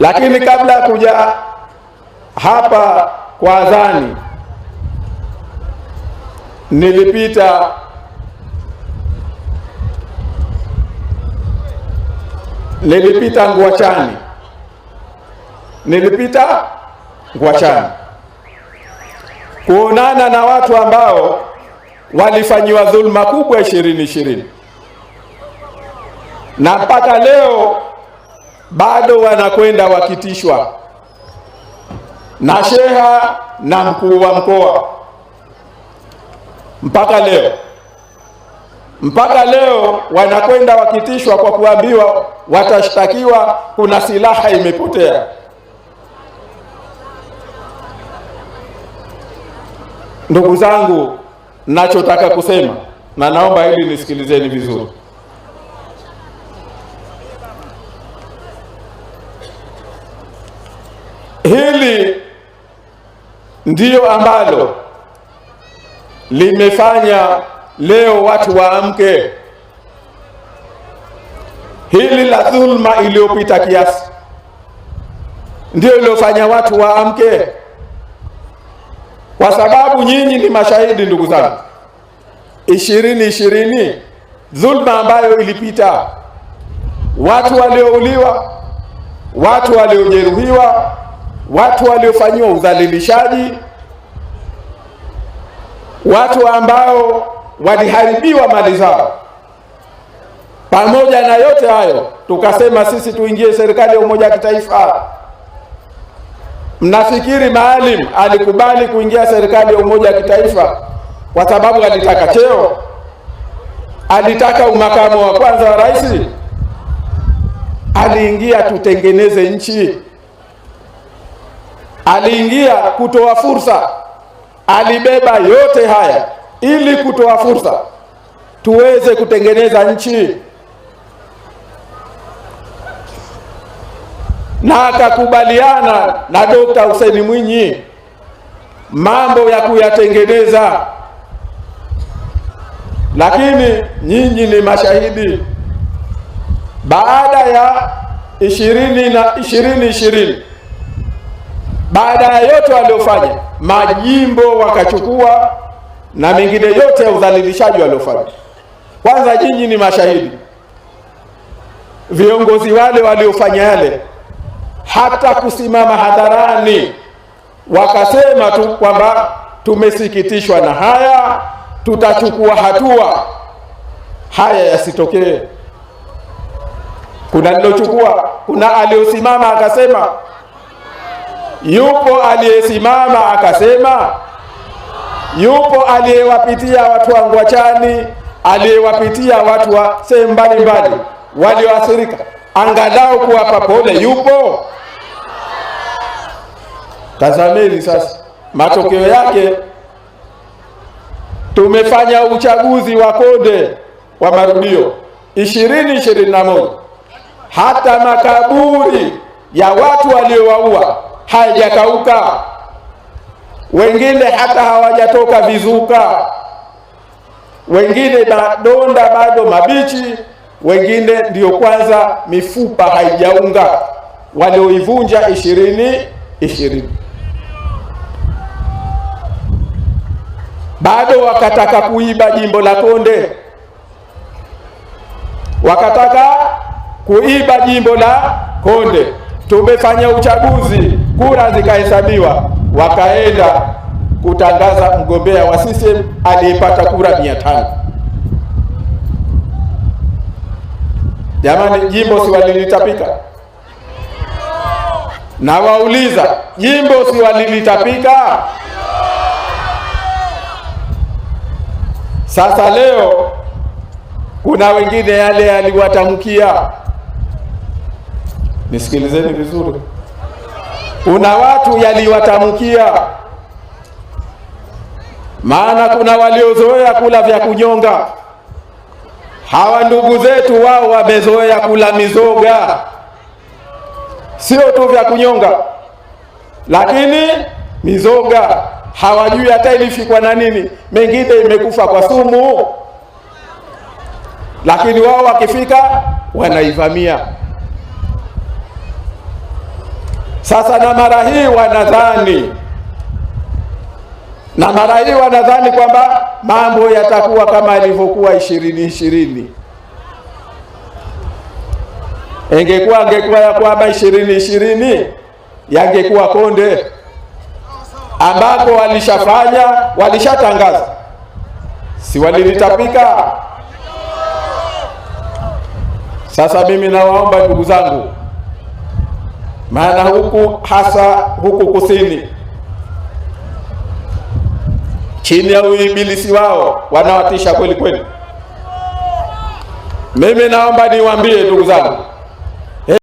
Lakini kabla ya kuja hapa kwa adhani, nilipita nilipita Nguachani, nilipita Nguachani kuonana na watu ambao walifanyiwa dhulma kubwa ishirini ishirini na mpaka leo bado wanakwenda wakitishwa na sheha na mkuu wa mkoa mpaka leo mpaka leo wanakwenda wakitishwa kwa kuambiwa watashtakiwa, kuna silaha imepotea. Ndugu zangu, nachotaka kusema na naomba hili nisikilizeni vizuri. ndiyo ambalo limefanya leo watu waamke. Hili la dhulma iliyopita kiasi ndiyo iliyofanya watu waamke, kwa sababu nyinyi ni mashahidi, ndugu zangu. ishirini ishirini, dhulma ambayo ilipita, watu waliouliwa, watu waliojeruhiwa watu waliofanyiwa udhalilishaji, watu ambao waliharibiwa mali zao. Pamoja na yote hayo, tukasema sisi tuingie serikali ya umoja wa kitaifa. Mnafikiri Maalim alikubali kuingia serikali ya umoja wa kitaifa kwa sababu alitaka cheo? Alitaka umakamu wa kwanza wa rais? Aliingia tutengeneze nchi aliingia kutoa fursa, alibeba yote haya ili kutoa fursa tuweze kutengeneza nchi, na akakubaliana na Dokta Hussein Mwinyi mambo ya kuyatengeneza, lakini nyinyi ni mashahidi baada ya ishirini na ishirini ishirini baada ya yote waliofanya, majimbo wakachukua na mengine yote ya udhalilishaji waliofanya. Kwanza nyinyi ni mashahidi, viongozi wale waliofanya yale, hata kusimama hadharani wakasema tu kwamba tumesikitishwa na haya, tutachukua hatua haya yasitokee. Kuna nilochukua, kuna aliosimama akasema Yupo aliyesimama akasema, yupo aliyewapitia watu wa Ngwachani, aliyewapitia watu wa sehemu mbalimbali walioathirika, angalau kuwapa pole, yupo? Tazameni sasa matokeo yake. Tumefanya uchaguzi wa konde wa marudio ishirini ishirini na moja, hata makaburi ya watu waliowaua hajakauka, wengine hata hawajatoka vizuka, wengine madonda bado mabichi, wengine ndiyo kwanza mifupa haijaunga, walioivunja ishirini ishirini bado wakataka kuiba jimbo la Konde, wakataka kuiba jimbo la Konde. Tumefanya uchaguzi kura zikahesabiwa, wakaenda kutangaza mgombea wa CCM aliyepata kura mia tano. Jamani, jimbo si walilitapika? Na wauliza jimbo si walilitapika? Sasa leo kuna wengine yale yaliwatamkia, nisikilizeni vizuri kuna watu yaliwatamkia, maana kuna waliozoea kula vya kunyonga. Hawa ndugu zetu wao wamezoea kula mizoga, sio tu vya kunyonga, lakini mizoga hawajui hata ilifikwa na nini, mengine imekufa kwa sumu, lakini wao wakifika wanaivamia. Sasa na mara hii wanadhani na mara hii wanadhani kwamba mambo yatakuwa kama yalivyokuwa ishirini ishirini. Ingekuwa angekuwa ya kwamba ishirini ishirini yangekuwa konde, ambako walishafanya walishatangaza, si walilitapika. Sasa mimi nawaomba ndugu zangu maana huku hasa huku kusini chini ya uibilisi wao wanawatisha kweli kweli. Mimi naomba niwaambie ndugu zangu